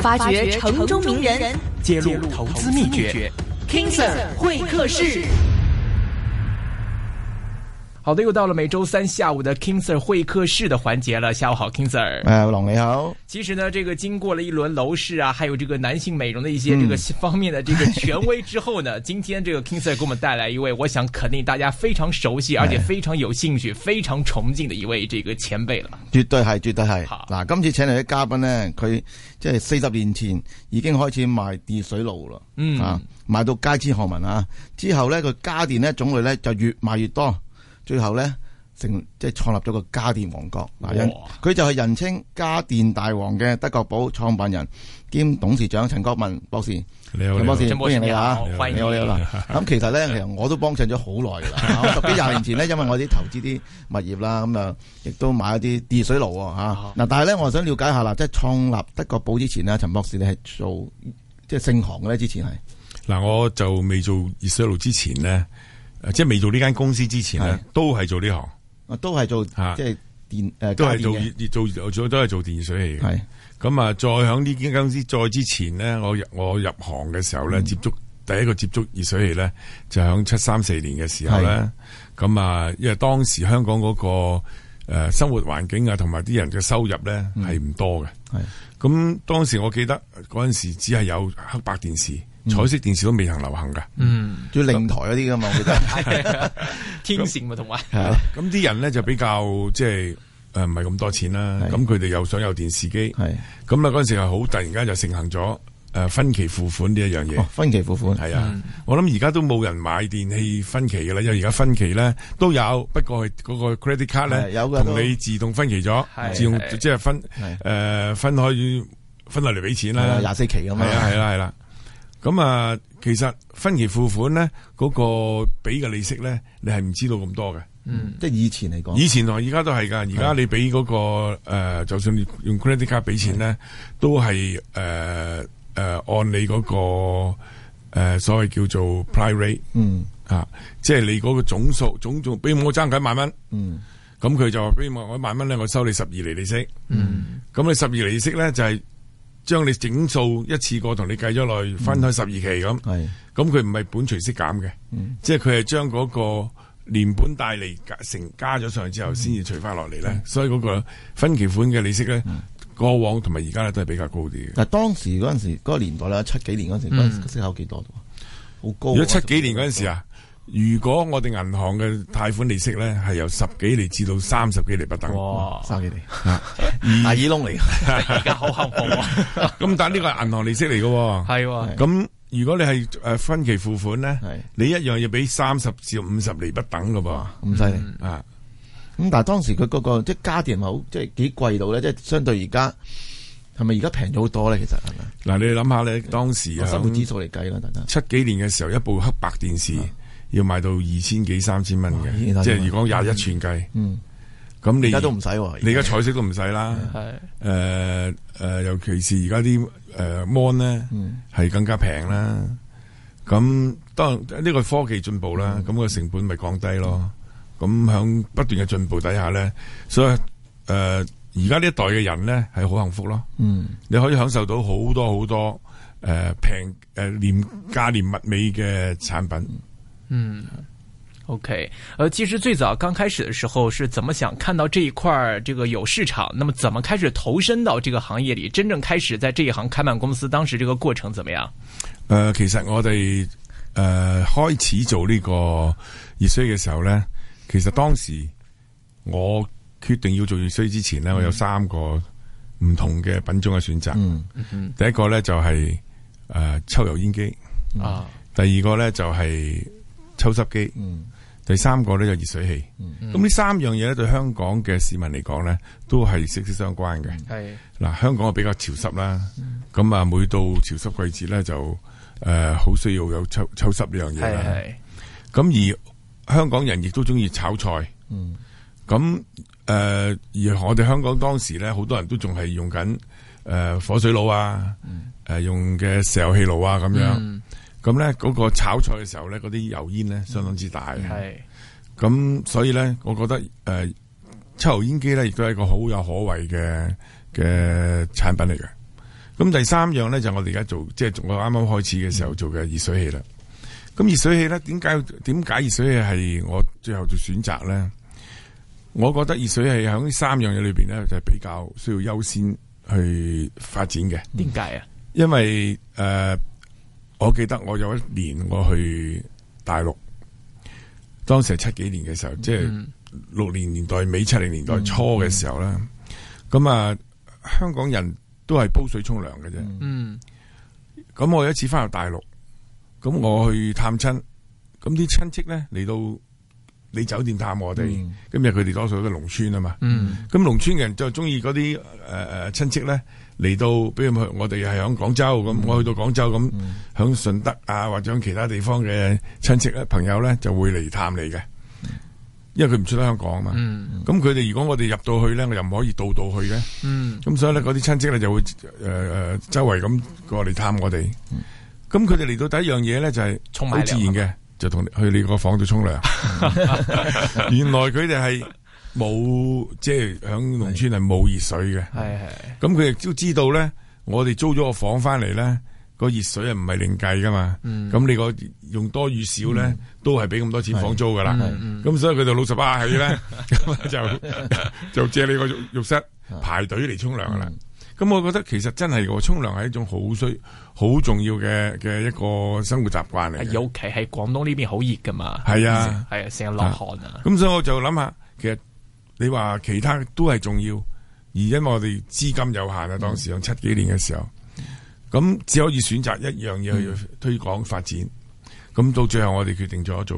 發掘城中名人，揭露投資秘訣，King Sir 會客室。好的，又到了每周三下午的 King Sir 會客室的環節了。下午好，King Sir。誒、哎，龍你好。其實呢，這個經過了一輪樓市啊，還有這個男性美容的一些這個方面的這個權威之後呢，嗯、 今天這個 King Sir 給我們帶來一位，我想肯定大家非常熟悉，哎、而且非常有興趣，非常崇敬的一位這個前輩啦。絕對係，絕對係。嗱，今次請嚟的嘉賓呢，佢即係四十年前已經開始賣電水爐咯，嗯啊，賣到街知巷聞啊。之後呢，佢家電呢種類呢就越賣越多。最後咧，成即係創立咗個家電王國，嗱，佢就係人稱家電大王嘅德國寶創辦人兼董事長陳國民博士。你好，陳博士，歡迎你啊！你好，你好啦。咁其實咧，其實我都幫襯咗好耐噶啦。十幾廿年前咧，因為我哋投資啲物業啦，咁啊，亦都買一啲熱水爐啊吓。嗱，但係咧，我想了解下啦，即係創立德國寶之前咧，陳博士你係做即係姓行嘅咧？之前係嗱，我就未做熱水爐之前咧。誒，即係未做呢間公司之前咧，都係做呢行，都係做吓，即係電誒，都係做做都係做電水器嘅是。係咁啊，再響呢間公司再之前咧，我入我入行嘅時候咧，嗯、接觸第一個接觸熱水器咧，就響七三四年嘅時候咧。咁啊是，因為當時香港嗰、那個誒、呃、生活環境啊，同埋啲人嘅收入咧係唔多嘅。係咁是，當時我記得嗰陣時只係有黑白電視。彩色電視都未行流行噶，仲要靈台嗰啲噶嘛？我記得天線嘛，同埋咁啲人咧就比較即係誒，唔係咁多錢啦。咁佢哋又想有電視機，係咁啊，嗰陣時係好突然間就盛行咗誒分期付款呢一樣嘢。分期付款係啊，我諗而家都冇人買電器分期噶啦，因為而家分期咧都有，不過係嗰個 credit card 咧，同你自動分期咗，自動即係分誒分開分落嚟俾錢啦，廿四期咁樣，係啦，係啦。咁啊，其實分期付款咧，嗰個俾嘅利息咧，你係唔知道咁多嘅。嗯，即係以前嚟講，以前同而家都係噶。而家你俾嗰、那個誒、呃，就算你用 credit card 俾錢咧，嗯、都係誒誒，按你嗰、那個誒、呃、所謂叫做 prime rate。嗯，啊，即係你嗰個總數總數，比如我爭緊萬蚊。嗯，咁佢就話，比如我一萬蚊咧，我收你十二厘利息。嗯，咁你十二厘息咧就係、是。將你整數一次過同你計咗落去，分開十二期咁，咁佢唔係本除息減嘅，嗯、即係佢係將嗰個連本帶利成加咗上去之後取，先至除翻落嚟咧。所以嗰個分期款嘅利息咧，嗯、過往同埋而家咧都係比較高啲嘅。嗱，當時嗰陣時嗰、嗰個年代咧，七幾年嗰陣時、嗰個、息口幾多？好、嗯、高！如果七幾年嗰陣時啊？嗯嗯如果我哋銀行嘅貸款利息咧，係由十幾厘至到三十幾厘不等。哇！三十幾厘啊，大耳窿嚟嘅，好恐怖啊！咁但係呢個係銀行利息嚟嘅，係。咁如果你係誒分期付款咧，你一樣要俾三十至五十厘不等嘅噃，咁犀利啊！咁但係當時佢嗰個即係家電好，即係幾貴到咧，即係相對而家係咪而家平咗好多咧？其實係咪？嗱，你諗下你當時啊，生活指數嚟計啦，大家七幾年嘅時候，一部黑白電視。要賣到二千幾三千蚊嘅，千千即係如果廿一寸計，咁、嗯嗯、你而家都唔使、啊，你而家彩色都唔使啦。係誒誒，尤其是而家啲誒 mon 咧，係、呃嗯、更加平啦。咁、嗯、當然呢、這個科技進步啦，咁、嗯、個成本咪降低咯。咁響不斷嘅進步底下咧，所以誒而家呢一代嘅人咧係好幸福咯。嗯，嗯，你可以享受到好多好多誒平誒廉價廉物美嘅產品。嗯嗯，OK，誒，其實最早剛開始的時候，是怎麼想看到這一塊這個有市場？那麼怎麼開始投身到這個行業裏？真正開始在這一行開辦公司，當時這個過程怎麼樣？誒，其實我哋誒、呃、開始做呢個熱水嘅時候呢，其實當時我決定要做熱水之前呢，我有三個唔同嘅品種嘅選擇。嗯嗯嗯、第一個呢、就是，就、呃、係抽油煙機啊，第二個呢，就係、是。抽濕機，嗯、第三個咧就熱水器，咁呢、嗯嗯、三樣嘢咧對香港嘅市民嚟講咧，都係息息相關嘅。係嗱、嗯，香港啊比較潮濕啦，咁啊、嗯嗯、每到潮濕季節咧就誒好、呃、需要有抽抽濕呢樣嘢啦。咁、嗯嗯、而香港人亦都中意炒菜，咁誒、嗯呃、而我哋香港當時咧好多人都仲係用緊誒、呃、火水爐啊，誒、呃、用嘅石油氣爐啊咁樣、嗯。嗯嗯咁咧，嗰個炒菜嘅時候咧，嗰啲油煙咧相當之大。係咁、嗯，所以咧，我覺得誒，抽油煙機咧，亦都係一個好有可為嘅嘅產品嚟嘅。咁第三樣咧，就是、我哋而家做，即、就、係、是、我啱啱開始嘅時候做嘅熱水器啦。咁熱、嗯、水器咧，點解點解熱水器係我最後做選擇咧？我覺得熱水器喺呢三樣嘢裏邊咧，就係、是、比較需要優先去發展嘅。點解啊？因為誒。呃我記得我有一年我去大陸，當時係七幾年嘅時候，嗯、即係六零年代尾七零年代初嘅時候啦。咁、嗯、啊，香港人都係煲水沖涼嘅啫。嗯，咁我有一次翻入大陸，咁我去探親，咁啲親戚咧嚟到你酒店探我哋，嗯、今日佢哋多數都農村啊嘛。嗯，咁農村嘅人就中意嗰啲誒誒親戚咧。嚟到，比如去我哋係喺廣州咁，我去到廣州咁，喺、嗯、順德啊，或者其他地方嘅親戚朋友咧，就會嚟探你嘅。因為佢唔出得香港啊嘛。咁佢哋如果我哋入到去咧，我又唔可以到到去咧。咁、嗯、所以咧，嗰啲親戚咧就會誒誒、呃、周圍咁過嚟探我哋。咁佢哋嚟到第一樣嘢咧就係充滿自然嘅就同你去你個房度沖涼。原來佢哋係。冇，即係響農村係冇熱水嘅，咁佢亦都知道咧。我哋租咗個房翻嚟咧，個熱水啊唔係另計噶嘛。咁你個用多與少咧，都係俾咁多錢房租噶啦。咁所以佢就老實巴氣咧，咁就就借你個浴室排隊嚟沖涼噶啦。咁我覺得其實真係個沖涼係一種好需好重要嘅嘅一個生活習慣嚟。尤其喺廣東呢邊好熱噶嘛。係啊，係啊，成日落汗啊。咁所以我就諗下，其實。你話其他都係重要，而因為我哋資金有限啊，當時用七幾年嘅時候，咁、嗯、只可以選擇一樣嘢去推廣發展。咁、嗯、到最後我哋決定咗做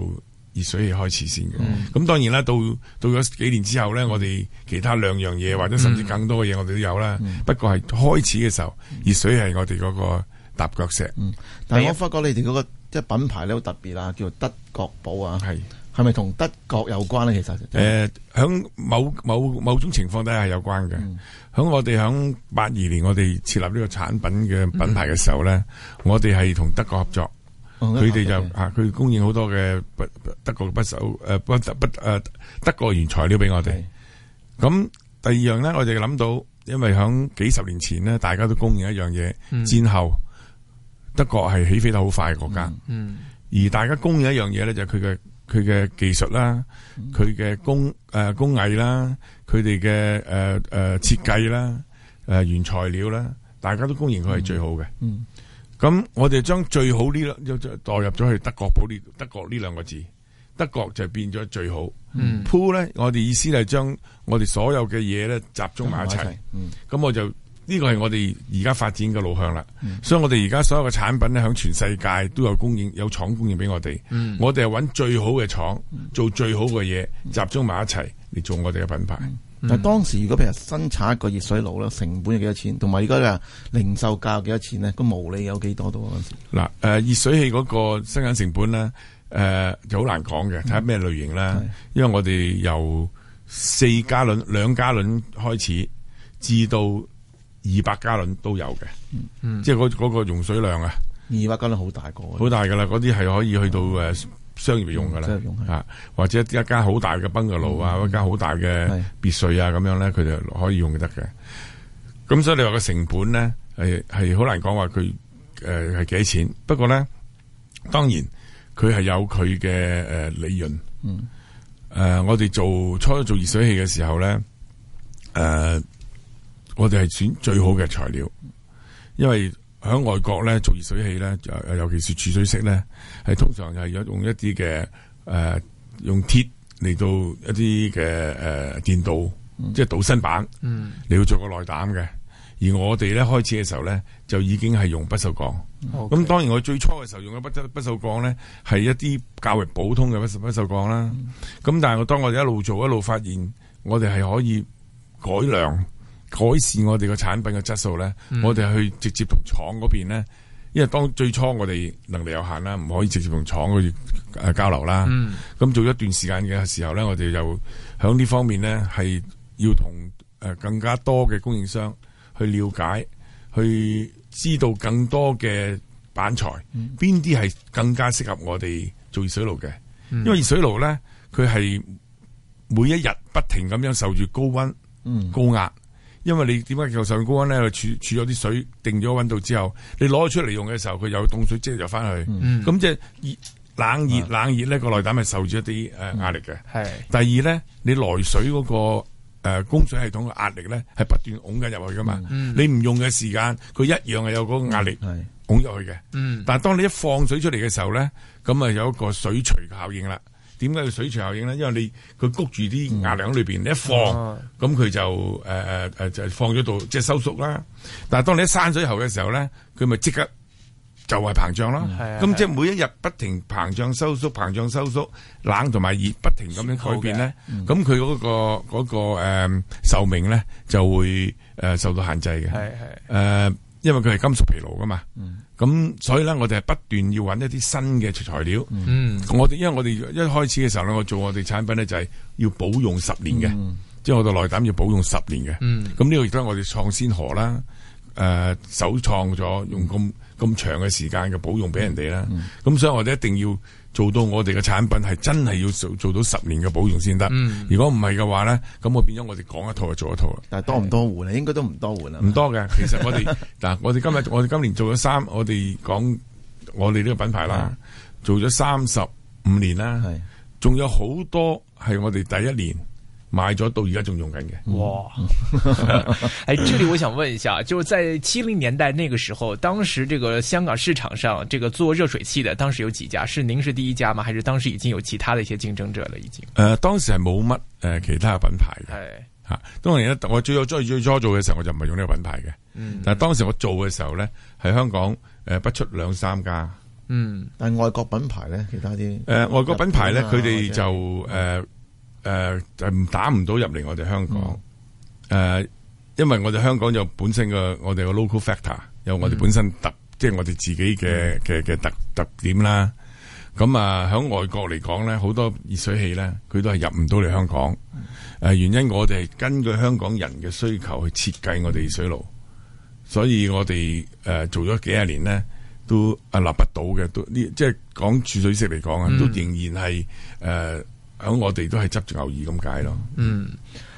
熱水器開始先嘅。咁、嗯、當然啦，到到咗幾年之後咧，我哋其他兩樣嘢或者甚至更多嘅嘢我哋都有啦。嗯、不過係開始嘅時候，熱水係我哋嗰個踏腳石。嗯、但係我發覺你哋嗰個即係品牌咧好特別啊，叫做德國寶啊。係咪同德國有關咧？其實誒，響某某某種情況底下係有關嘅。響我哋響八二年，我哋設立呢個產品嘅品牌嘅時候咧，我哋係同德國合作，佢哋就吓佢供應好多嘅德德國嘅不手誒不不誒德國嘅原材料俾我哋。咁第二樣咧，我哋就諗到，因為響幾十年前咧，大家都公認一樣嘢，戰後德國係起飛得好快嘅國家，而大家公認一樣嘢咧，就佢嘅。佢嘅技術啦，佢嘅工誒、呃、工藝啦，佢哋嘅誒誒設計啦，誒、呃、原材料啦，大家都公認佢係最好嘅。嗯，咁、嗯、我哋將最好呢兩代入咗去德國，寶呢德國呢兩個字，德國就變咗最好。嗯 Pool 咧，我哋意思係將我哋所有嘅嘢，咧集中埋一齊。嗯，咁我就。呢個係我哋而家發展嘅路向啦，所以我哋而家所有嘅產品咧，向全世界都有供應，有廠供應俾我哋。我哋係揾最好嘅廠做最好嘅嘢，集中埋一齊嚟做我哋嘅品牌。但係當時如果譬如生產一個熱水爐咧，成本有幾多錢？同埋而家嘅零售價幾多錢咧？個毛利有幾多到嗰陣時？嗱，誒，熱水器嗰個生產成本咧，誒，就好難講嘅，睇下咩類型啦。因為我哋由四加侖、兩加侖開始，至到。二百加侖都有嘅，嗯、即係嗰嗰個用水量啊。二百加侖好大個，好大噶啦！嗰啲係可以去到誒商業用噶啦，吓的的或者一間好大嘅賓館啊，一間好大嘅別墅啊咁的樣咧，佢就可以用得嘅。咁所以你話個成本咧，係係好難講話佢誒係幾多錢。不過咧，當然佢係有佢嘅誒利潤。誒、嗯呃，我哋做初做熱水器嘅時候咧，誒、呃。呃呃我哋係選最好嘅材料，因為喺外國咧做熱水器咧，尤尤其是儲水式咧，係通常係用一啲嘅誒用鐵嚟到一啲嘅誒電鍍，嗯、即係倒身板你要、嗯、做個內膽嘅。而我哋咧開始嘅時候咧，就已經係用不鏽鋼。咁、嗯 okay. 當然我最初嘅時候用嘅不不不鏽鋼咧係一啲較為普通嘅不不鏽鋼啦。咁、嗯、但係我當我哋一路做一路發現，我哋係可以改良。改善我哋個產品嘅質素咧，嗯、我哋去直接同廠嗰邊咧，因為當最初我哋能力有限啦，唔可以直接同廠去誒交流啦。咁、嗯、做一段時間嘅時候咧，我哋就響呢方面咧係要同誒更加多嘅供應商去了解，去知道更多嘅板材邊啲係更加適合我哋做熱水爐嘅，嗯、因為熱水爐咧佢係每一日不停咁樣受住高溫、嗯、高壓。因為你點解叫上高温咧？儲儲咗啲水，定咗溫度之後，你攞出嚟用嘅時候，佢有凍水積入翻去，咁即係熱冷熱、啊、冷熱咧個內膽係受住一啲誒、呃、壓力嘅。係、嗯、第二咧，你來水嗰、那個誒、呃、供水系統嘅壓力咧，係不斷拱緊入去噶嘛。嗯、你唔用嘅時間，佢一樣係有嗰個壓力拱入去嘅。嗯、但係當你一放水出嚟嘅時候咧，咁啊有一個水錘嘅效應啦。點解叫水錘效應咧？因為你佢谷住啲壓量裏邊一放，咁佢、嗯、就誒誒、呃呃、就放咗度，即、就、係、是、收縮啦。但係當你喺山水喉嘅時候咧，佢咪即刻就係膨脹咯。咁、嗯、即係每一日不停膨脹收縮、膨脹收縮、冷同埋熱不停咁樣改變咧，咁佢嗰個嗰、那個誒壽、呃、命咧就會誒、呃、受到限制嘅。係係誒，因為佢係金屬疲勞噶嘛。嗯咁所以咧，我哋係不斷要揾一啲新嘅材料。嗯，我哋因為我哋一開始嘅時候咧，我做我哋產品咧就係要保用十年嘅，嗯、即係我哋內膽要保用十年嘅。嗯，咁呢個亦都係我哋創先河啦。誒、呃，首創咗用咁咁長嘅時間嘅保用俾人哋啦，咁、嗯、所以我哋一定要做到我哋嘅產品係真係要做做到十年嘅保用先得。嗯、如果唔係嘅話咧，咁我變咗我哋講一套就做一套啦。但係多唔多換啊？是應該都唔多換啊。唔多嘅，其實我哋，嗱， 我哋今日我哋今年做咗三，我哋講我哋呢個品牌啦，做咗三十五年啦，係仲的有好多係我哋第一年。買咗到而家仲用緊嘅。哇，誒、 哎，這裏我想問一下，就是在七零年代那個時候，當時這個香港市場上，這個做熱水器嘅，當時有幾家？是您是第一家嗎？還是當時已經有其他嘅一些競爭者了？已經？誒、呃，當時係冇乜誒其他品牌嘅。係吓、嗯，當然我最最初做嘅時候，我就唔係用呢個品牌嘅。嗯、但係當時我做嘅時候呢，喺香港誒、呃，不出兩三家。嗯。但外國品牌呢？其他啲、啊。誒，外國品牌呢？佢哋就誒。呃誒，就唔、呃、打唔到入嚟我哋香港。誒、嗯呃，因為我哋香港有本身嘅我哋嘅 local factor，有我哋本身特，嗯、即係我哋自己嘅嘅嘅特特點啦。咁、嗯、啊，喺、呃、外國嚟講咧，好多熱水器咧，佢都係入唔到嚟香港。誒、嗯呃，原因我哋係根據香港人嘅需求去設計我哋熱水爐，所以我哋誒、呃、做咗幾廿年咧，都屹、啊、立不倒嘅。都呢，即係講儲水式嚟講啊，都仍然係誒。呃嗯咁我哋都係執住牛耳咁解咯。嗯，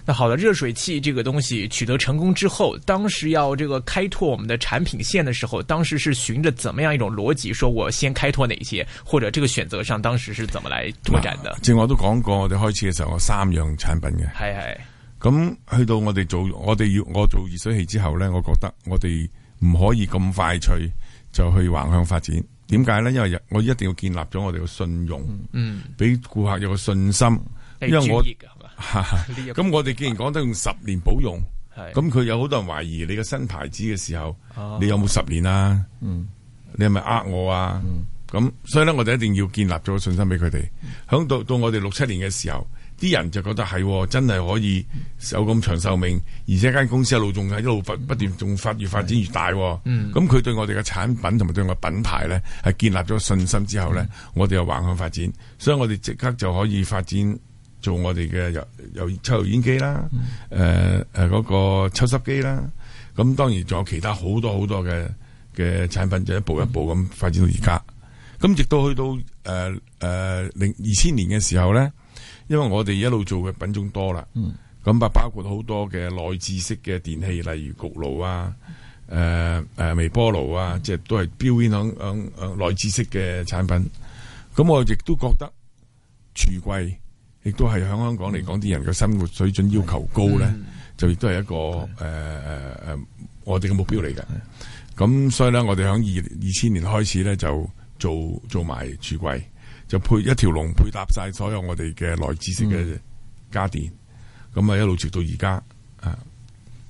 那好了，熱水器這個東西取得成功之後，當時要這個開拓我們的產品線嘅時候，當時是循着怎麼樣一種邏輯？說我先開拓哪些，或者這個選擇上當時是怎麼來拓展的？啊、正我都講過，我哋開始嘅時候有三樣產品嘅，係係是。咁、嗯、去到我哋做，我哋要我做熱水器之後呢，我覺得我哋唔可以咁快脆就去橫向發展。點解咧？因為我一定要建立咗我哋嘅信用，嗯，俾顧客有個信心。因為我，咁我哋既然講得用十年保用，咁佢有好多人懷疑你個新牌子嘅時候，你有冇十年啊？嗯，你係咪呃我啊？咁所以咧，我哋一定要建立咗個信心俾佢哋。響到到我哋六七年嘅時候。啲人就覺得係真係可以有咁長壽命，而且間公司一路仲係一路不不斷仲發越發展越大。咁佢的對我哋嘅產品同埋對我嘅品牌咧，係建立咗信心之後咧，嗯、我哋又橫向發展，所以我哋即刻就可以發展做我哋嘅油油抽油煙機啦，誒誒嗰個抽濕機啦。咁當然仲有其他好多好多嘅嘅產品，就一步一步咁發展到而家。咁、嗯、直到去到誒誒零二千年嘅時候咧。因為我哋一路做嘅品種多啦，咁啊、嗯、包括好多嘅內置式嘅電器，例如焗爐啊，誒、呃、誒微波爐啊，即係都係標尖響響內置式嘅產品。咁、嗯、我亦都覺得櫥櫃亦都係響香港嚟講，啲人嘅生活水準要求高咧，嗯、就亦都係一個誒誒誒我哋嘅目標嚟嘅。咁、嗯、所以咧，我哋響二二千年開始咧就做做埋櫥櫃。就配一條龍配搭晒所有我哋嘅內置式嘅家電，咁啊、嗯、一路直到而家啊。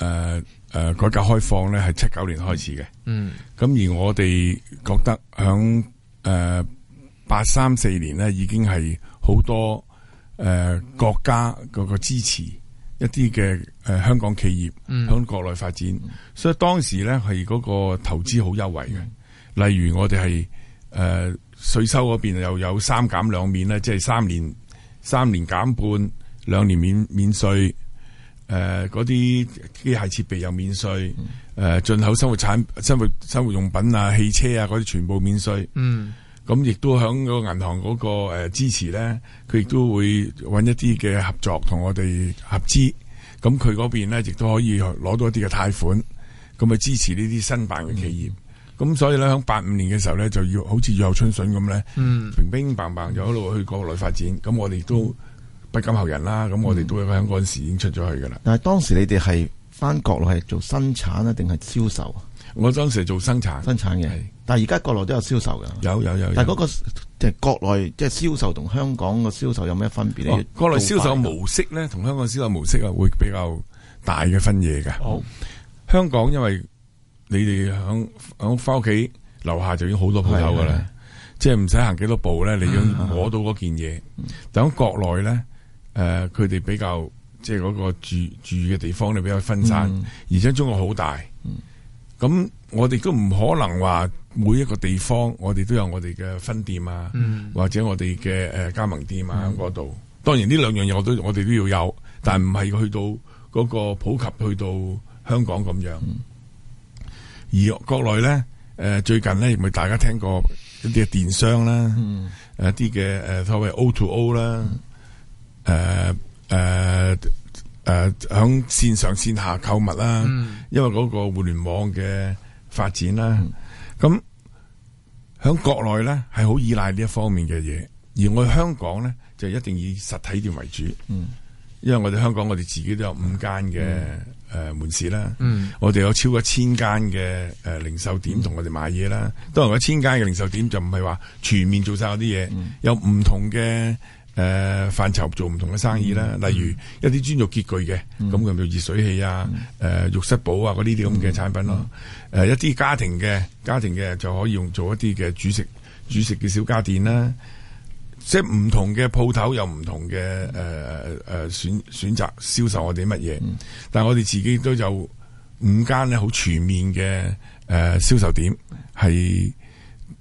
誒誒、呃，改革開放咧係七九年開始嘅，嗯，咁而我哋覺得響誒八三四年咧，已經係好多誒、呃、國家嗰個、呃、支持一啲嘅誒香港企業響國內發展，嗯，所以當時咧係嗰個投資好優惠嘅，例如我哋係誒稅收嗰邊又有三減兩免咧，即係三年三年減半，兩年免免稅。誒，嗰啲機械設備又免稅，誒、呃，進口生活產生活生活用品啊、汽車啊嗰啲全部免稅。嗯，咁亦都響個銀行嗰、嗰個誒支持咧，佢亦都會搵一啲嘅合作同我哋合資，咁佢嗰邊咧亦都可以攞到一啲嘅貸款，咁去支持呢啲新辦嘅企業。咁、嗯、所以咧，響八五年嘅時候咧，就要好似雨後春筍咁咧，平平棒棒就一路去國內發展。咁我哋都、嗯。嗯不敢後人啦，咁我哋都喺香港時已經出咗去噶啦、嗯。但係當時你哋係翻國內係做生產啊，定係銷售啊？我當時係做生產，生產嘅。產是但係而家國內都有銷售噶。有有有。但係、那、嗰個即係、就是、國內即係銷售同香港嘅銷售有咩分別咧、哦？國內銷售，售模式咧，同香港銷售模式啊，會比較大嘅分野嘅。好、哦，香港因為你哋響響翻屋企樓下就已經好多鋪頭噶啦，即係唔使行幾多步咧，你已經攞到嗰件嘢。 但喺國內咧。誒，佢哋、呃、比較即係嗰個住住嘅地方咧，比較分散，mm hmm. 而且中國好大，咁我哋都唔可能話每一個地方我哋都有我哋嘅分店啊，mm hmm. 或者我哋嘅誒加盟店啊喺嗰度。當然呢兩樣嘢我都我哋都要有，但唔係去到嗰個普及去到香港咁樣。Mm hmm. 而國內咧，誒、呃、最近咧，咪大家聽過一啲嘅電商啦、啊 mm hmm. 啊，一啲嘅誒所謂 O to O 啦、mm。Hmm. 誒誒誒，響、呃呃、線上線下購物啦，mm. 因為嗰個互聯網嘅發展啦，咁響、mm. 國內咧係好依賴呢一方面嘅嘢，而我哋香港咧就一定以實體店為主，嗯，mm. 因為我哋香港我哋自己都有五間嘅誒門市啦，嗯、mm. 呃，我哋有超過千間嘅誒零售點同我哋買嘢啦，當然一千間嘅零售點就唔係話全面做晒嗰啲嘢，mm. 有唔同嘅。誒、呃，範疇做唔同嘅生意啦，嗯、例如一啲專用潔具嘅，咁佢咪熱水器啊，誒、嗯，浴、呃、室寶啊，嗰啲啲咁嘅產品咯。誒、嗯呃，一啲家庭嘅家庭嘅就可以用做一啲嘅主食，主食嘅小家電啦。即係唔同嘅鋪頭有唔同嘅誒誒選選擇銷售我哋乜嘢，嗯、但係我哋自己都有五間咧，好全面嘅誒銷售點係誒、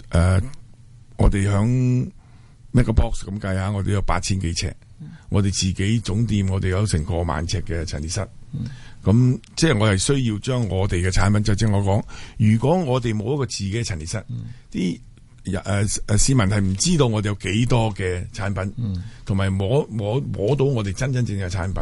呃、我哋響。嗯 Mac Box 咁計下，我哋有八千幾尺，我哋自己總店我哋有成個萬尺嘅陳列室，咁即係我係需要將我哋嘅產品，就是、正如我講，如果我哋冇一個自己嘅陳列室，啲人誒市民係唔知道我哋有幾多嘅產品，同埋摸摸摸到我哋真真正正嘅產品。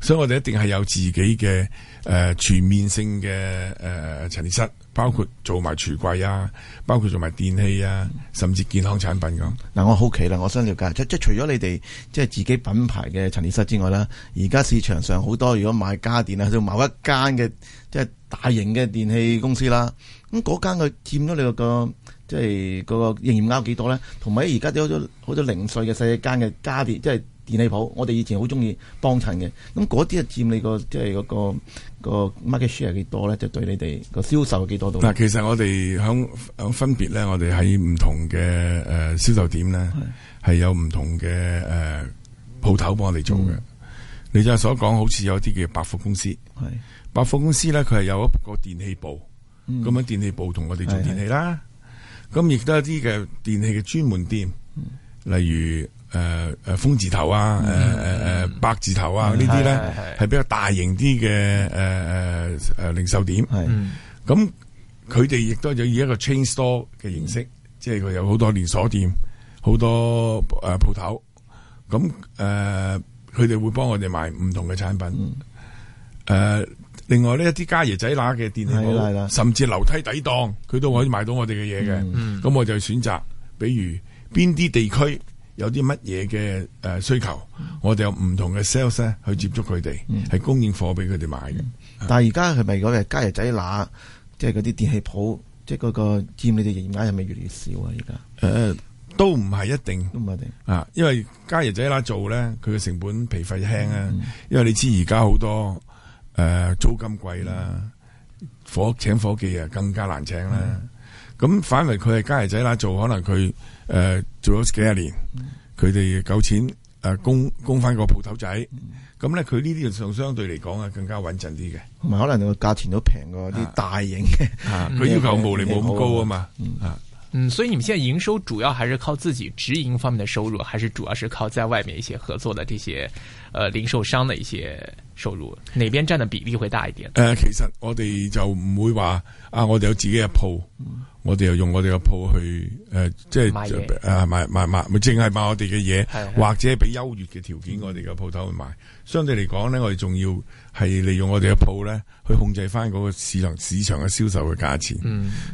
所以我哋一定係有自己嘅誒、呃、全面性嘅誒、呃、陳列室，包括做埋廚櫃啊，包括做埋電器啊，甚至健康產品咁、啊。嗱、嗯，我好奇啦，我想了解，即即除咗你哋即係自己品牌嘅陳列室之外啦，而家市場上好多如果買家電啊，做某一間嘅即係大型嘅電器公司啦，咁嗰間佢佔咗你、個即係嗰、個營業額幾多咧？同埋而家啲好多好多零碎嘅細間嘅家電，即係。電器鋪，我哋以前好中意幫襯嘅。咁嗰啲啊佔你個即係嗰個個 market share 係幾多咧？就對你哋個銷售係幾多度？嗱，其實我哋響分別咧，我哋喺唔同嘅誒銷售點咧，係是有唔同嘅誒鋪頭幫我哋做嘅。嗯、你就所講，好似有啲叫百貨公司，係百貨公司咧，佢係有一個電器部，咁樣、嗯、電器部同我哋做電器啦。咁亦都有啲嘅電器嘅專門店，嗯、例如。誒誒，風字頭啊，誒誒誒，百字頭啊，呢啲咧係比較大型啲嘅誒誒誒零售店。係咁，佢哋亦都就以一個 chain store 嘅形式，即係佢有好多連鎖店，好多誒鋪頭。咁誒，佢哋會幫我哋賣唔同嘅產品。誒，另外呢，一啲家爺仔乸嘅電器鋪，甚至樓梯底檔，佢都可以買到我哋嘅嘢嘅。咁我就選擇，比如邊啲地區。有啲乜嘢嘅誒需求，嗯、我哋有唔同嘅 sales 咧去接觸佢哋，係、嗯、供應貨俾佢哋買嘅、嗯。但係而家係咪嗰個加椰仔乸，即係嗰啲電器鋪，即係嗰個佔你哋營額，係咪越嚟越少啊？而家誒都唔係一定，都唔一定啊。因為加椰仔乸做咧，佢嘅成本皮費輕啊。嗯、因為你知而家好多誒、呃、租金貴啦，嗯、火請伙計啊更加難請啦。咁、嗯嗯、反為佢係加椰仔乸做，可能佢。誒、呃，做咗幾廿年，佢哋夠錢誒，供供翻個鋪頭仔，咁咧佢呢啲就相對嚟講啊，更加穩陣啲嘅，同埋、嗯、可能個價錢都平過啲大型嘅，佢要求無厘冇咁高啊嘛，嗯，嗯嗯，所以你們現在營收主要還是靠自己直營方面嘅收入，還是主要是靠在外面一些合作嘅這些，誒、呃、零售商嘅一些收入，哪邊佔嘅比例會大一點？誒、嗯呃，其實我哋就唔會話啊，我哋有自己嘅鋪。嗯嗯我哋又用我哋個鋪去誒、呃，即係賣誒賣賣賣，咪、啊、淨係賣我哋嘅嘢，的或者俾優越嘅條件，我哋個鋪頭去賣。相對嚟講咧，我哋仲要係利用我哋嘅鋪咧，去控制翻嗰個市場市場嘅銷售嘅價錢。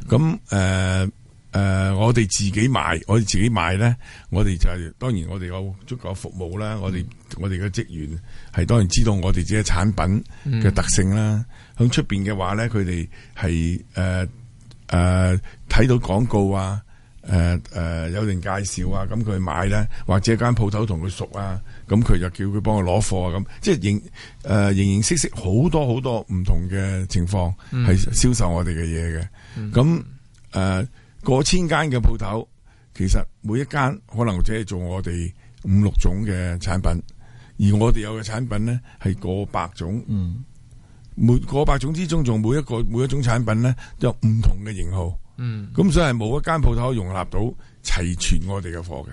咁誒誒，我哋自己賣，我哋自己賣咧，我哋就係、是、當然我，我哋有足夠服務啦。我哋我哋嘅職員係當然知道我哋自己產品嘅特性啦。響出邊嘅話咧，佢哋係誒。呃誒，睇、呃、到廣告啊，誒、呃、誒、呃，有人介紹啊，咁佢買咧，或者間鋪頭同佢熟啊，咁佢就叫佢幫佢攞貨啊，咁即係形誒，形形色色好多好多唔同嘅情況，係銷售我哋嘅嘢嘅。咁誒、嗯呃，過千間嘅鋪頭，其實每一間可能只係做我哋五六種嘅產品，而我哋有嘅產品咧係過百種。嗯。每個百種之中，仲，每一個每一種產品咧，都有唔同嘅型號。嗯，咁所以係冇一間鋪頭可以容納到齊全我哋嘅貨嘅。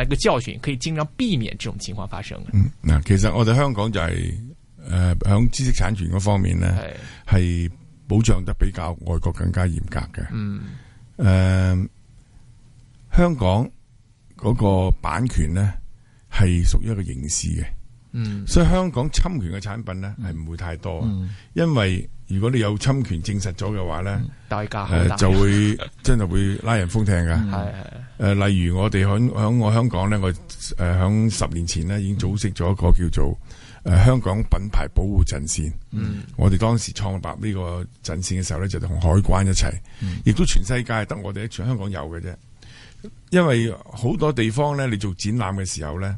一個教訓，可以盡量避免這種情況發生。嗯，嗱，其實我哋香港就係、是、誒，響、呃、知識產權嗰方面咧，係保障得比較外國更加嚴格嘅。嗯，誒，香港嗰個版權咧係屬於一個刑事嘅。嗯，所以香港侵權嘅產品咧，係唔會太多，嗯、因為如果你有侵權證實咗嘅話咧，大家、呃、就會 真係就會拉人封艇噶，係誒、嗯呃，例如我哋響響我香港咧，我誒響、呃、十年前呢已經組織咗一個叫做誒、呃、香港品牌保護陣線，嗯、我哋當時創立呢個陣線嘅時候咧，就同海關一齊，亦、嗯嗯、都全世界得我哋喺全香港有嘅啫，因為好多地方咧，你做展覽嘅時候咧。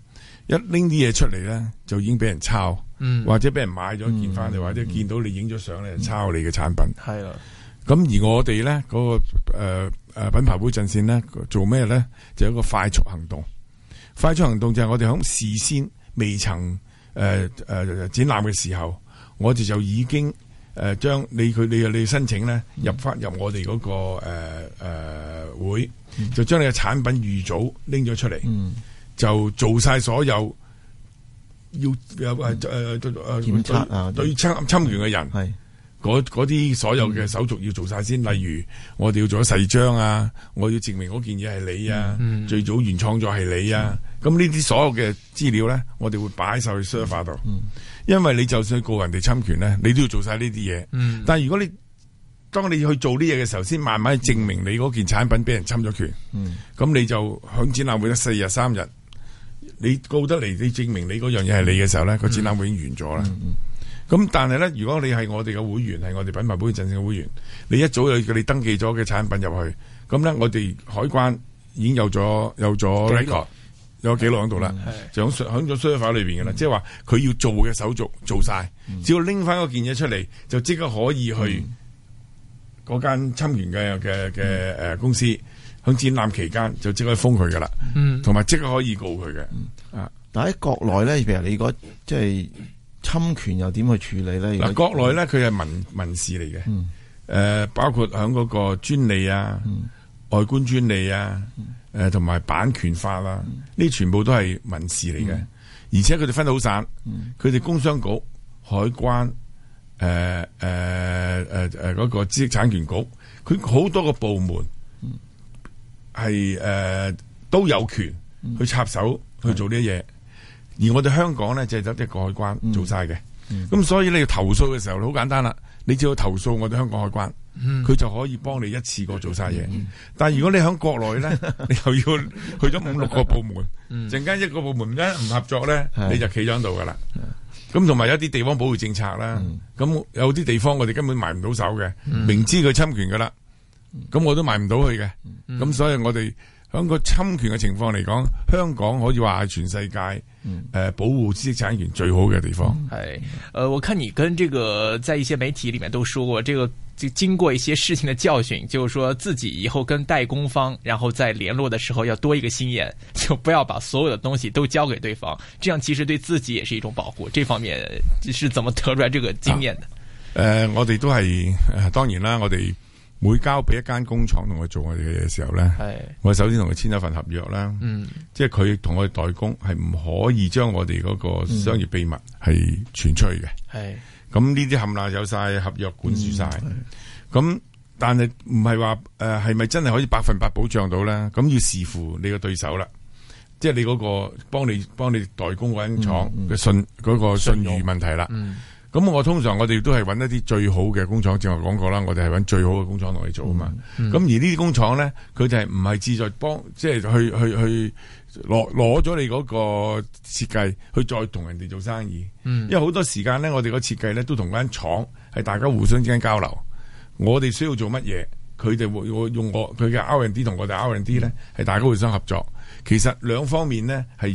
一拎啲嘢出嚟咧，就已經俾人抄，嗯、或者俾人買咗件翻嚟，嗯、或者見到你影咗相咧，嗯、抄你嘅產品。係啦的，咁而我哋咧、那個，嗰個誒誒品牌會陣線咧，做咩咧？就是、一個快速行動。快速行動就係我哋響事先未曾誒誒、呃呃、展覽嘅時候，我哋就已經誒將、呃、你佢你你申請咧入翻入我哋嗰、那個誒誒、呃呃、會，就將你嘅產品預早拎咗出嚟。嗯嗯就做晒所有要有誒誒誒，對侵侵權嘅人，係啲所有嘅手續要做晒先。例如我哋要做咗誓章啊，我要證明嗰件嘢係你啊，最早原創作係你啊。咁呢啲所有嘅資料咧，我哋會擺晒去 server 度。因為你就算告人哋侵權咧，你都要做晒呢啲嘢。但係如果你當你去做呢嘢嘅時候，先慢慢證明你嗰件產品俾人侵咗權。咁你就響展覽會得四日三日。你告得嚟，你證明你嗰樣嘢係你嘅時候咧，嗯、個展覽會已經完咗啦。咁、嗯嗯、但係咧，如果你係我哋嘅會員，係我哋品牌保嘅真正會員，你一早有叫你登記咗嘅產品入去，咁咧我哋海關已經有咗有咗、嗯、有記錄喺度啦，就喺喺咗書架裏邊嘅啦。即係話佢要做嘅手續做晒，只要拎翻嗰件嘢出嚟，就即刻可以去嗰間、嗯嗯、侵權嘅嘅嘅誒公司。喺展覽期間就即刻封佢噶啦，嗯，同埋即刻可以告佢嘅，啊、嗯！但喺國內咧，譬如你講即係侵權又點去處理咧？嗱、啊，國內咧佢係民民事嚟嘅，誒、嗯呃，包括喺嗰個專利啊、嗯、外觀專利啊，誒、嗯，同埋、呃、版權法啦，呢、嗯、全部都係民事嚟嘅，嗯、而且佢哋分得好散，佢哋、嗯、工商局、海關、誒誒誒誒嗰個知識產權局，佢好、呃、多個部門。這些 gs 係誒都有權去插手去做呢啲嘢，而我哋香港咧就係得一個海關做晒嘅，咁所以你要投訴嘅時候好簡單啦，你只要投訴我哋香港海關，佢就可以幫你一次過做晒嘢。但係如果你喺國內咧，你又要去咗五六個部門，陣間一個部門咧唔合作咧，你就企咗喺度噶啦。咁同埋有啲地方保護政策啦，咁有啲地方我哋根本埋唔到手嘅，明知佢侵權噶啦。咁、嗯、我都買唔到佢嘅，咁、嗯、所以我哋香港侵權嘅情況嚟講，香港可以話係全世界誒、嗯呃、保護知識產權最好嘅地方。誒、嗯，誒、呃，我看你跟這個在一些媒體裏面都說過，這個就經過一些事情嘅教訓，就是說自己以後跟代工方，然後在聯絡嘅時候要多一個心眼，就不要把所有的東西都交給對方，這樣其實對自己也是一種保護。這方面你是怎麼得出來這個經驗的？誒、啊呃，我哋都係、呃，當然啦，我哋。每交俾一間工廠同佢做我哋嘅嘢嘅時候咧，是我首先同佢簽咗份合約啦，嗯、即係佢同我哋代工係唔可以將我哋嗰個商業秘密係傳出去嘅。咁呢啲冚 𠾴 有晒合約管住晒。咁、嗯、但係唔係話誒係咪真係可以百分百保障到咧？咁要視乎你個對手啦，即係你嗰個幫你幫你代工嗰間廠嘅信嗰、嗯嗯、個信譽問題啦。嗯嗯咁我通常我哋都係揾一啲最好嘅工廠，正如我講過啦，我哋係揾最好嘅工廠落嚟做啊嘛。咁、嗯、而呢啲工廠咧，佢哋係唔係志在幫，即係去去去攞攞咗你嗰個設計去再同人哋做生意。嗯、因為好多時間咧，我哋個設計咧都同嗰間廠係大家互相之間交流。我哋需要做乜嘢，佢哋會用我佢嘅 R&D 同我哋 R&D 咧，係大家互相合作。其實兩方面咧係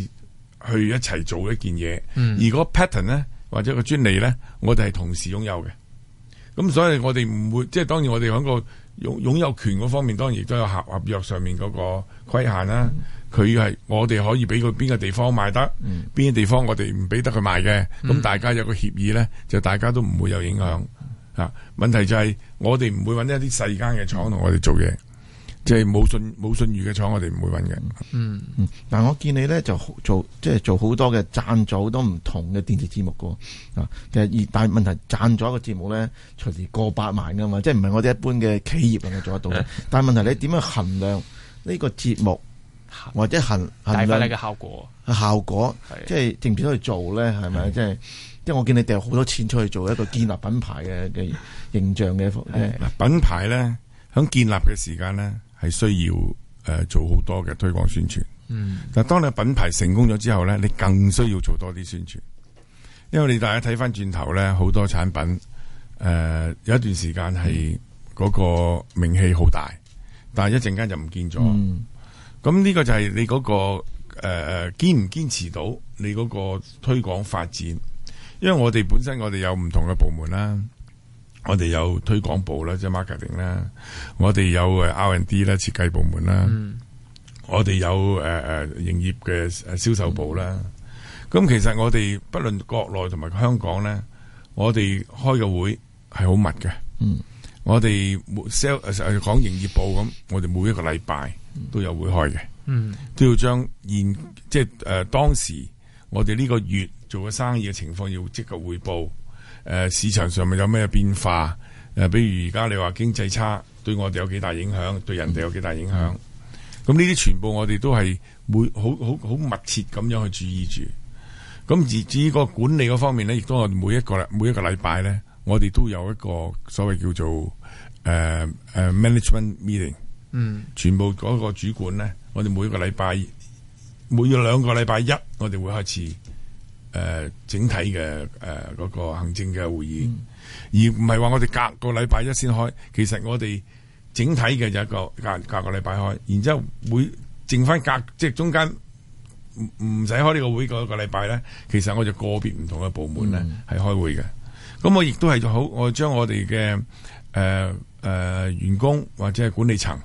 去一齊做一件嘢，嗯、而個 pattern 咧。或者個專利咧，我哋係同時擁有嘅，咁所以我哋唔會，即係當然我哋喺個擁擁有權嗰方面，當然亦都有合合約上面嗰個規限啦。佢係、嗯、我哋可以俾佢邊個地方賣得，邊個、嗯、地方我哋唔俾得佢賣嘅。咁大家有個協議咧，就大家都唔會有影響嚇、啊。問題就係我哋唔會搵一啲細間嘅廠同我哋做嘢。即係冇信冇信譽嘅廠，我哋唔會搵人。嗯，但係我見你咧就做即係做好多嘅贊助，好多唔同嘅電視節目噶。啊，其實二但係問題，贊助一個節目咧，隨時過百萬噶嘛，即係唔係我哋一般嘅企業能夠做得到、啊、但係問題，你點樣衡量呢個節目或者衡，衡量你嘅效果？效果，效果的即係值唔值得去做咧？係咪？即係、嗯、的即係我見你掉好多錢出去做一個，建立品牌嘅嘅形象嘅。誒、啊，的品牌咧響，建立嘅時間咧。呢係需要誒、呃、做好多嘅推廣宣傳，嗯，但當你品牌成功咗之後咧，你更需要做多啲宣傳，因為你大家睇翻轉頭咧，好多產品誒、呃、有一段時間係嗰個名氣好大，但係一陣間就唔見咗，咁呢、嗯、個就係你嗰、嗰個誒誒堅唔堅持到你嗰個推廣發展，因為我哋本身我哋有唔同嘅部門啦、啊。我哋有推廣部啦，即係 marketing 啦；我哋有 R&D 啦，設計部門啦；嗯、我哋有誒誒營業嘅銷售部啦。咁、嗯、其實我哋不論國內同埋香港咧，我哋開嘅會係好密嘅。嗯，我哋 sell 誒講營業部咁，我哋每一個禮拜都有會開嘅。嗯，都要將現即係誒、呃、當時我哋呢個月做嘅生意嘅情況要即刻匯報。誒、呃，市場上面有咩變化？誒、呃，比如而家你話經濟差，對我哋有幾大影響？對人哋有幾大影響？咁呢啲全部我哋都係每好好好密切咁樣去注意住。咁而至於個管理嗰方面咧，亦都我哋每一個每一個禮拜咧，我哋都有一個所謂叫做誒誒、呃呃、management meeting。嗯，全部嗰個主管咧，我哋每一個禮拜，嗯、每兩個禮拜一，我哋會開始。誒，uh, 整體嘅誒、uh, 個行政嘅會議， 而唔係話我哋隔個禮拜一先開。其實我哋整體嘅就一個隔隔個禮拜開，然之後會剩翻隔即係中間唔使開呢個會個個禮拜咧。其實我就個別唔同嘅部門咧係開會嘅。咁 我亦都係好，我將我哋嘅誒誒員工或者係管理層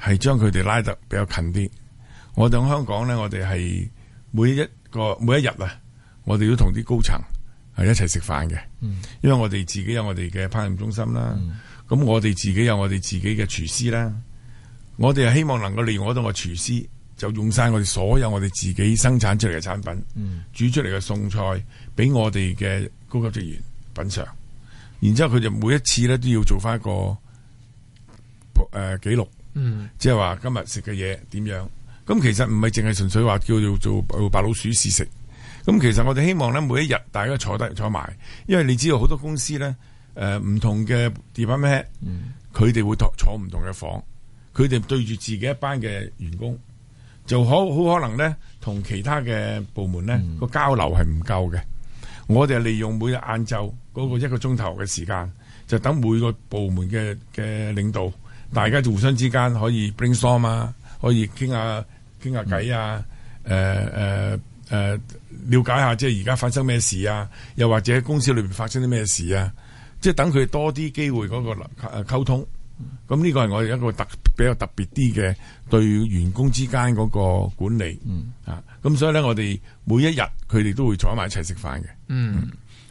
係將佢哋拉得比較近啲。我等香港咧，我哋係每一個每一日啊。我哋都同啲高層係一齊食飯嘅，因為我哋自己有我哋嘅烹飪中心啦，咁、嗯、我哋自己有我哋自己嘅廚師啦，我哋係希望能夠利用我哋個廚師，就用晒我哋所有我哋自己生產出嚟嘅產品，嗯、煮出嚟嘅餸菜，俾我哋嘅高級職員品嘗，然之後佢就每一次咧都要做翻一個誒記、呃、錄，即係話今日食嘅嘢點樣，咁其實唔係淨係純粹話叫做做白老鼠試食。咁其實我哋希望咧，每一日大家坐低坐埋，因為你知道好多公司咧，誒、呃、唔同嘅 department、嗯？佢哋會坐坐唔同嘅房，佢哋對住自己一班嘅員工，就好好可能咧，同其他嘅部門咧、嗯、個交流係唔夠嘅。我哋利用每日晏晝嗰個一個鐘頭嘅時間，就等每個部門嘅嘅領導，大家就互相之間可以 brainstorm 啊，可以傾下傾下偈啊，誒誒、嗯。呃呃誒、呃，了解下即係而家發生咩事啊？又或者喺公司裏邊發生啲咩事啊？即係等佢多啲機會嗰個誒，溝通。咁呢個係我哋一個特比較特別啲嘅對員工之間嗰個管理。嗯、啊，咁所以咧，我哋每一日佢哋都會坐埋一齊食飯嘅。嗯。嗯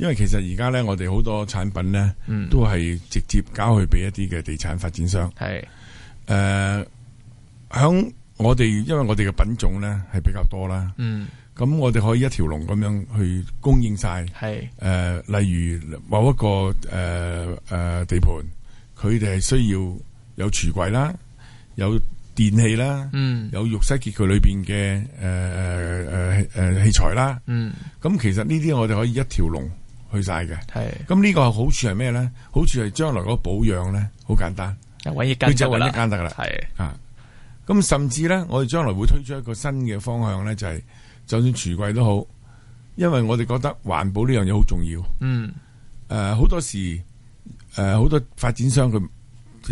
因為其實而家咧，我哋好多產品咧，都係直接交去俾一啲嘅地產發展商。係、嗯，誒、呃，響我哋，因為我哋嘅品種咧係比較多啦。嗯，咁我哋可以一條龍咁樣去供應晒。係、嗯，誒、呃，例如某一個誒誒、呃呃、地盤，佢哋係需要有廚櫃啦，有電器啦，嗯，有浴室結構裏邊嘅誒誒誒誒器材啦。嗯，咁、嗯、其實呢啲我哋可以一條龍。去晒嘅，咁呢是個好處係咩咧？好處係將來嗰保養咧，好簡單，揾一間得啦，係啊。咁是甚至咧，我哋將來會推出一個新嘅方向咧，就係、是、就算櫥櫃都好，因為我哋覺得環保呢樣嘢好重要。嗯，誒、呃，好多時誒，呃，好多發展商佢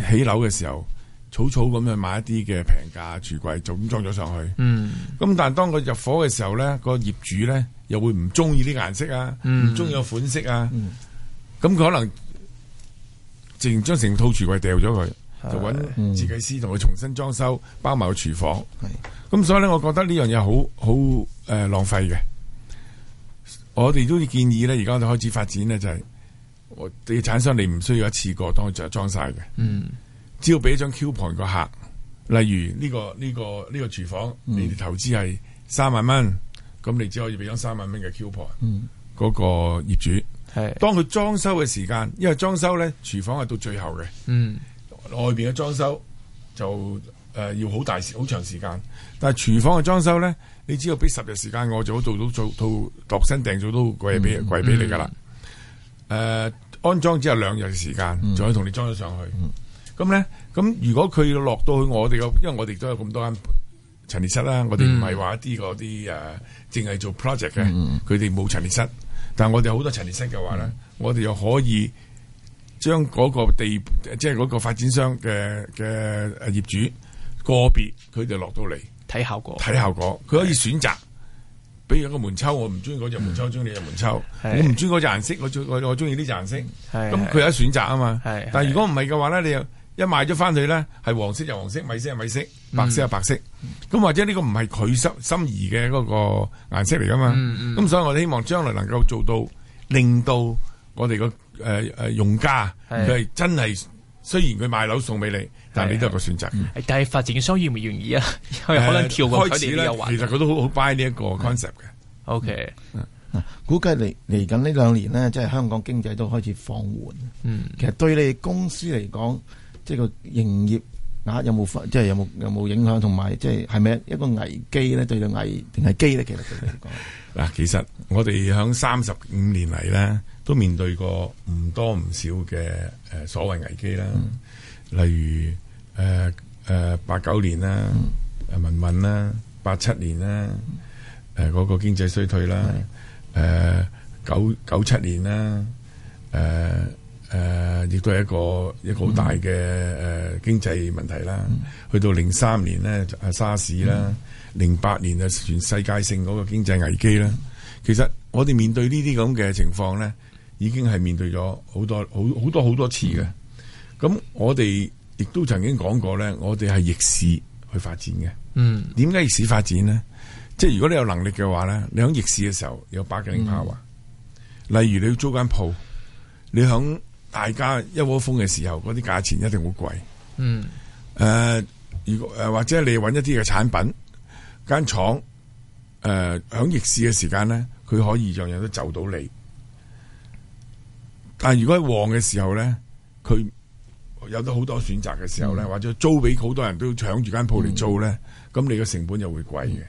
起樓嘅時候，草草咁樣買一啲嘅平價櫥櫃，就咁裝咗上去。嗯，咁但係當佢入伙嘅時候咧，個業主咧。又會唔中意啲顏色啊，唔中意個款式啊？咁佢、嗯、可能直接將成套櫥櫃掉咗佢，是就揾設計師同佢、嗯、重新裝修包埋個廚房。咁是所以咧，我覺得呢樣嘢好好誒浪費嘅。我哋都建議咧，而家就開始發展咧、就是，就係我地產商你唔需要一次過當就裝晒嘅。嗯、只要俾張 coupon 個客，例如呢、呢個呢、呢個呢、呢個呢個廚房，你哋、嗯嗯、投資係三萬蚊。咁你只可以俾咗三萬蚊嘅 coupon，嗰個業主係。是當佢裝修嘅時間，因為裝修咧，廚房係到最後嘅、嗯呃嗯。嗯，外邊嘅裝修就誒要好大好長時間，但係廚房嘅裝修咧，你只要俾十日時間，我就好做到做到度身訂做都貴俾貴俾你噶啦。誒，安裝只有兩日嘅時間，就可以同你裝咗上去。咁咧、嗯，咁、嗯嗯、如果佢落到去我哋嘅，因為我哋都有咁多間。陳列室啦，我哋唔係話一啲嗰啲誒，呃、淨係做 project 嘅，佢哋冇陳列室。但係我哋好多陳列室嘅話咧，嗯、我哋又可以將嗰個地，即係嗰個發展商嘅嘅業主個別，佢哋落到嚟睇效果，睇效果，佢可以選擇。係呀。比如一個門抽，我唔中意嗰隻門抽，中意你隻門抽。我唔中意嗰隻顏色，我中我中意呢隻顏色。咁佢有選擇啊嘛。但係如果唔係嘅話咧，你又。一賣咗翻去咧，係黃色就黃色，米色係米色，白色係白色。咁、嗯、或者呢個唔係佢心心儀嘅嗰個顏色嚟㗎嘛？咁、嗯嗯、所以我哋希望將來能夠做到，令到我哋個誒誒用家佢係、嗯、真係雖然佢買樓送俾你，但係你都有個選擇。嗯、但係發展商願唔願意啊？因為 可能跳過開、嗯、始嘅其實佢、嗯、都好好 buy 呢一個 concept 嘅、嗯。OK，估計嚟嚟緊呢兩年咧，即、就、係、是、香港經濟都開始放緩。嗯、其實對你公司嚟講。即係個營業額有冇即係有冇有冇影響，同埋即係係咪一個危機咧？對到危定係機咧？其實對你嚟講嗱， 其實我哋響三十五年嚟咧，都面對過唔多唔少嘅誒、呃、所謂危機啦，例如誒誒、呃呃呃、八九年啦，誒民運啦，八七年啦，誒、呃、嗰、那個經濟衰退啦，誒的、呃、九九七年啦，誒、呃。誒，亦都係一個一個好大嘅誒經濟問題啦。去到零三年咧，沙士啦，零八年啊，全世界性嗰個經濟危機啦。其實我哋面對呢啲咁嘅情況咧，已經係面對咗好多好好多好多次嘅。咁我哋亦都曾經講過咧，我哋係逆市去發展嘅。嗯，點解逆市發展咧？即係如果你有能力嘅話咧，你響逆市嘅時候有百幾零 power。例如你要租間鋪，你響。大家一窩蜂嘅時候，嗰啲價錢一定好貴。嗯，誒、呃，如果誒或者你揾一啲嘅產品，間廠誒響、呃、逆市嘅時間咧，佢可以樣樣都就到你。但係如果喺旺嘅時候咧，佢有得好多選擇嘅時候咧，嗯、或者租俾好多人都搶住間鋪嚟租咧，咁、嗯、你嘅成本就會貴嘅。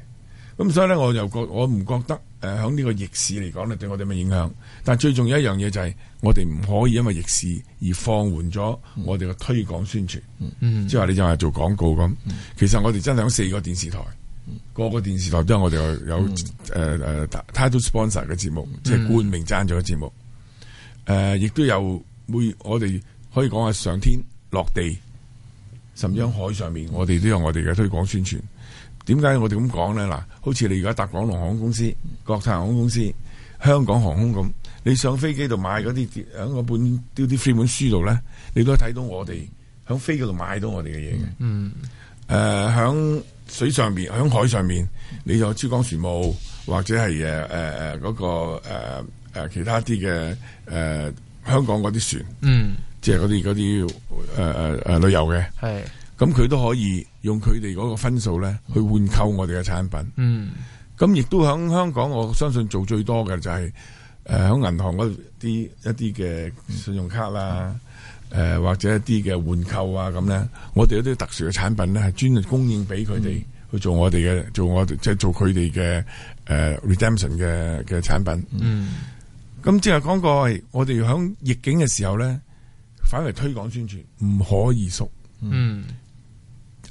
咁所以咧，我就覺我唔覺得，誒、呃，喺呢個逆市嚟講咧，對我哋有咩影響。但係最重要一樣嘢就係，我哋唔可以因為逆市而放緩咗我哋嘅推廣宣傳。即係話你又係做廣告咁。嗯、其實我哋真係有四個電視台，各個電視台都有我哋有誒誒、嗯呃、title sponsor 嘅節目，即係、嗯、冠名贊助嘅節目。誒、嗯，亦、呃、都有每我哋可以講下上天、落地，甚至海上面，我哋都有我哋嘅推廣宣傳。點解我哋咁講咧？嗱，好似你而家搭港龍航空公司、國泰航空公司、香港航空咁，你上飛機度買嗰啲喺個本 Duty Free 本書度咧，你都睇到我哋響飛嗰度買到我哋嘅嘢嘅。嗯，誒，響水上邊，響海上面，你有珠江船務或者係誒誒誒嗰個誒誒其他啲嘅誒香港嗰啲船，嗯，即係嗰啲嗰啲誒誒誒旅遊嘅，係。咁佢都可以用佢哋嗰個分數咧，去換購我哋嘅產品。嗯。咁亦都響香港，我相信做最多嘅就係誒響銀行嗰啲一啲嘅信用卡啦，誒、嗯呃、或者一啲嘅換購啊咁咧，我哋有啲特殊嘅產品咧係專業供應俾佢哋去做我哋嘅、嗯、做我哋，即、就、係、是、做佢哋嘅誒、呃、redemption 嘅嘅產品。嗯。咁即係講過我哋響逆境嘅時候咧，反為推廣宣傳唔可以縮。嗯。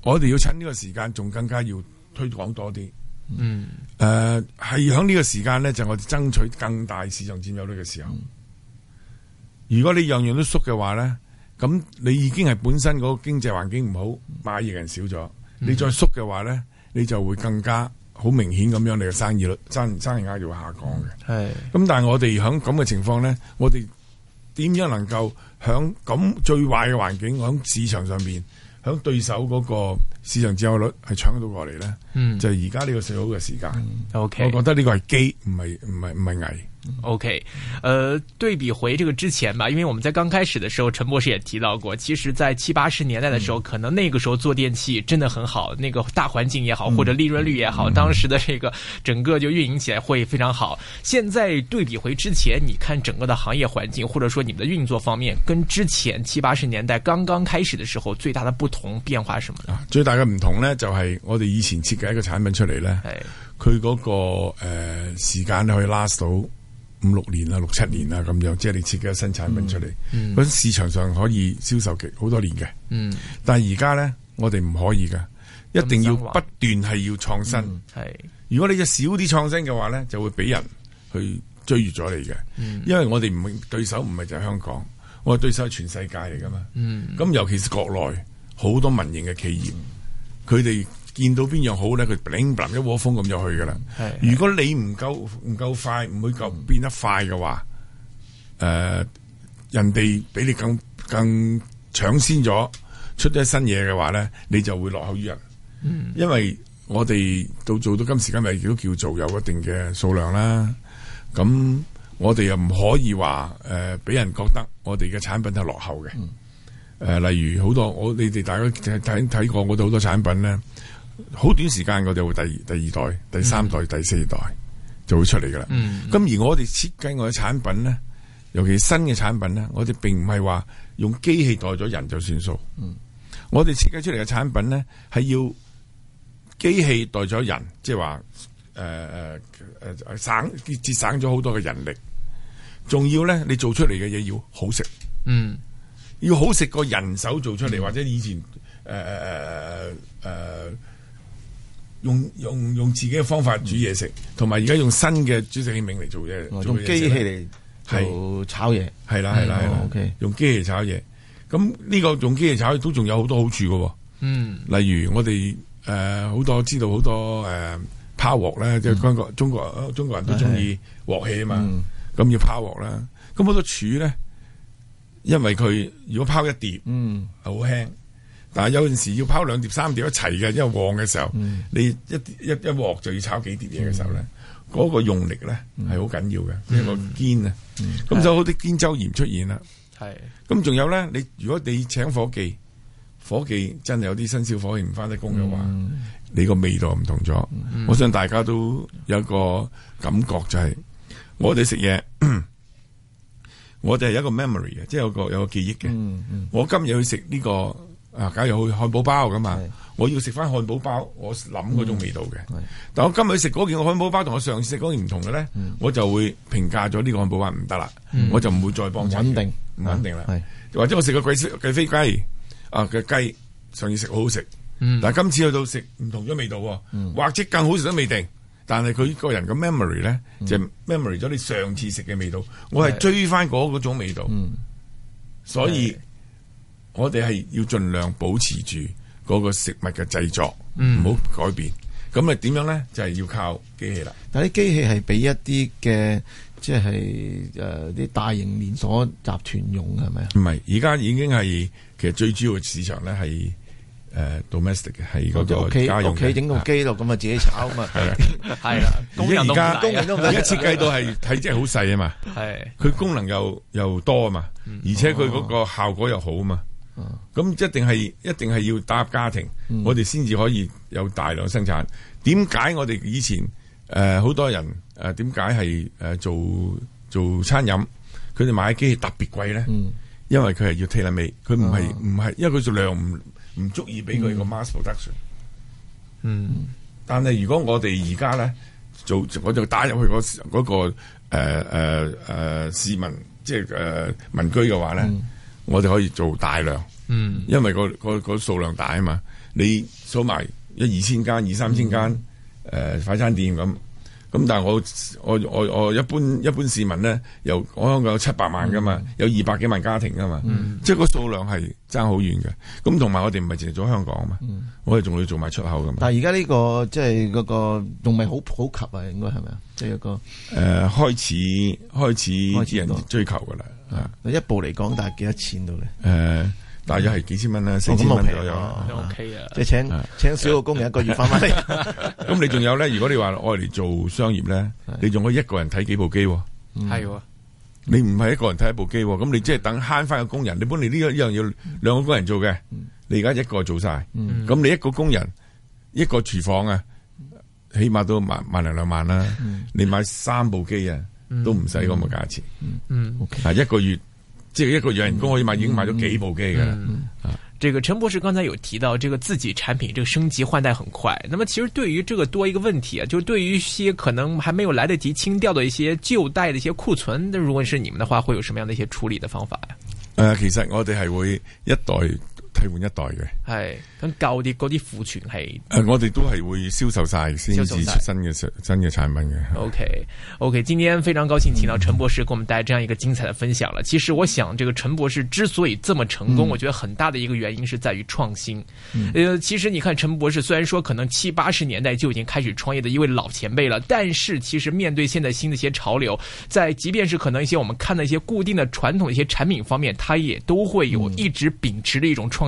我哋要趁呢個時間，仲更加要推廣多啲。嗯，誒、呃，係喺呢個時間咧，就是、我哋爭取更大市場佔有率嘅時候。嗯、如果你樣樣都縮嘅話咧，咁你已經係本身嗰個經濟環境唔好，買嘢人少咗。你再縮嘅話咧，你就會更加好明顯咁樣，你嘅生意率、增生，生意額就會下降嘅。係、嗯。咁但係我哋喺咁嘅情況咧，我哋點樣能夠喺咁最壞嘅環境，喺市場上邊？響對手嗰個市場占有率係搶到過嚟，咧，嗯，就係而家呢個最好嘅時間，嗯，ok，我覺得呢個係機，唔係唔係唔係危。O、okay, K，呃，對比回這個之前吧，因為我們在剛開始的時候，陳博士也提到過，其實，在七八十年代的時候，可能那個時候做電器真的很好，那個大環境也好，或者利潤率也好，當時的這個整個就運營起來會非常好。現在對比回之前，你看整個的行業環境，或者說你們的運作方面，跟之前七八十年代剛剛開始的時候最大的不同變化是什麼呢？最大的唔同呢，就係、是、我哋以前設計一個產品出嚟咧，佢嗰、那個誒、呃、時間可以 last 到。五六年啦，六七年啦，咁樣，即係你設計新產品出嚟，喺、嗯嗯、市場上可以銷售極好多年嘅。嗯、但係而家咧，我哋唔可以噶，一定要不斷係要創新。係、嗯，如果你只少啲創新嘅話咧，就會俾人去追越咗你嘅。嗯、因為我哋唔對手唔係就係香港，我哋對手係全世界嚟噶嘛。咁、嗯、尤其是國內好多民營嘅企業，佢哋、嗯。見到邊樣好咧，佢零不林一窩蜂咁就去噶啦如果你唔夠唔夠快，唔會夠變得快嘅話，誒、呃，人哋比你更更搶先咗出咗新嘢嘅話咧，你就會落後於人。嗯、因為我哋到做到今時今日亦都叫做有一定嘅數量啦。咁我哋又唔可以話誒，俾、呃、人覺得我哋嘅產品係落後嘅。誒、嗯呃，例如好多我你哋大家睇睇過我哋好多產品咧。好短時間，我哋會第二、第二代、第三代、嗯、第四代就會出嚟噶啦。咁、嗯嗯、而我哋設計我嘅產品咧，尤其新嘅產品咧，我哋並唔係話用機器代咗人就算數。嗯、我哋設計出嚟嘅產品咧，係要機器代咗人，即係話誒誒誒省節省咗好多嘅人力，仲要咧你做出嚟嘅嘢要好食，嗯，要好食過人手做出嚟、嗯、或者以前誒誒誒誒。呃呃呃呃呃用用用自己嘅方法煮嘢食，同埋而家用新嘅煮食器皿嚟做嘢，用機器嚟做炒嘢，係啦係啦係啦，用機器炒嘢。咁呢個用機器炒都仲有好多好處嘅。嗯，例如我哋誒好多知道好多誒拋鑊咧，即係中國中國中國人都中意鑊氣啊嘛，咁要拋鑊啦。咁好多廚咧，因為佢如果拋一碟，嗯，好輕。但係有陣時要拋兩碟三碟一齊嘅，因為旺嘅時候，mm. 你一一一鑊就要炒幾碟嘢嘅時候咧，嗰、mm. 個用力咧係好緊要嘅，呢、mm. 個肩啊。咁、mm. 就好啲肩周炎出現啦。係。咁仲有咧，你如果你請伙計，伙計真係有啲新招伙計唔翻得工嘅話，mm. 你個味道唔同咗。Mm. 我想大家都有一個感覺就係、是，我哋食嘢，我哋係一個 memory 嘅，即係有個有個記憶嘅。我今日去食呢、這個。啊！假如去漢堡包咁嘛，我要食翻漢堡包，我諗嗰種味道嘅。但我今日食嗰件漢堡包同我上次食嗰件唔同嘅咧，我就會評價咗呢個漢堡包唔得啦，我就唔會再幫襯。唔穩定，唔穩定啦。或者我食個貴妃貴妃雞啊嘅雞，上次食好好食，但係今次去到食唔同咗味道喎，或者更好食都未定。但係佢個人嘅 memory 咧，就 memory 咗你上次食嘅味道，我係追翻嗰嗰種味道，所以。我哋係要盡量保持住嗰個食物嘅製作，唔好改變。咁啊點樣咧？就係要靠機器啦。但啲機器係俾一啲嘅，即係誒啲大型連鎖集團用嘅係咪啊？唔係，而家已經係其實最主要市場咧係誒 domestic 嘅，係嗰個家屋企整部機咯。咁啊自己炒啊嘛，係啦。而家而家設計到係體積好細啊嘛，係佢功能又又多啊嘛，而且佢嗰個效果又好啊嘛。咁、嗯、一定係一定係要打入家庭，嗯、我哋先至可以有大量生產。點解我哋以前誒好、呃、多人誒點解係誒做做餐飲，佢哋買嘅機器特別貴咧？因為佢係要 tailor made 佢唔係唔係，因為佢做量唔唔足以俾佢個 mass production。嗯，但係如果我哋而家咧做，我就打入去嗰、那、嗰個誒誒誒市民，即係誒、呃、民居嘅話咧。嗯我哋可以做大量，嗯，因為個個個，個數量大啊嘛，你數埋一二千間，二三千間誒快、呃、餐店咁，咁但係我我我我一般一般市民咧，由我香港有七百萬噶嘛，有二百幾萬家庭噶嘛，嗯、即係個數量係差好遠嘅，咁同埋我哋唔係淨係做香港啊、嗯、嘛，我哋仲要做埋出口咁。但係而家呢個即係嗰個仲未好普及啊，應該係咪啊？即係、就是、個誒、呃、開始開始啲、這個、人追求噶啦。一部嚟講，大幾多錢到咧？誒，大約係幾千蚊啦，四千蚊左右。O K 啊，即係請請少個工人一個月翻翻嚟。咁你仲有咧？如果你話愛嚟做商業咧，你仲可以一個人睇幾部機。係，你唔係一個人睇一部機，咁你即係等慳翻個工人。你本嚟呢樣一樣要兩個工人做嘅，你而家一個做晒。咁你一個工人一個廚房啊，起碼都萬萬零兩萬啦。你買三部機啊！都唔使咁嘅價錢，嗯嗯，嗱、嗯、一個月、嗯、即係一個月人工可以買已經買咗幾部機噶啦。嗯嗯嗯、啊，這個陳博士剛才有提到，這個自己產品，這個升級換代很快。那麼其實對於這個多一個問題啊，就對於一些可能還沒有來得及清掉的一些舊代的一些庫存，如果是你們的話，會有什麼樣的一些處理的方法呀？誒、呃，其實我哋係會一代。替換一代嘅係咁舊啲嗰啲庫存係我哋都係會銷售晒先至出新嘅新新嘅產品嘅。OK，OK，今天非常高興請到陳博士，給我們帶來這樣一個精彩的分享啦。其實我想，這個陳博士之所以這麼成功，嗯、我覺得很大的一個原因是在於創新。誒，其實你看，陳博士雖然說可能七八十年代就已經開始創業的一位老前輩了，但是其實面對現在新的一些潮流，在即便是可能一些我們看的一些固定的傳統一些產品方面，他也都會有一直秉持着一種創。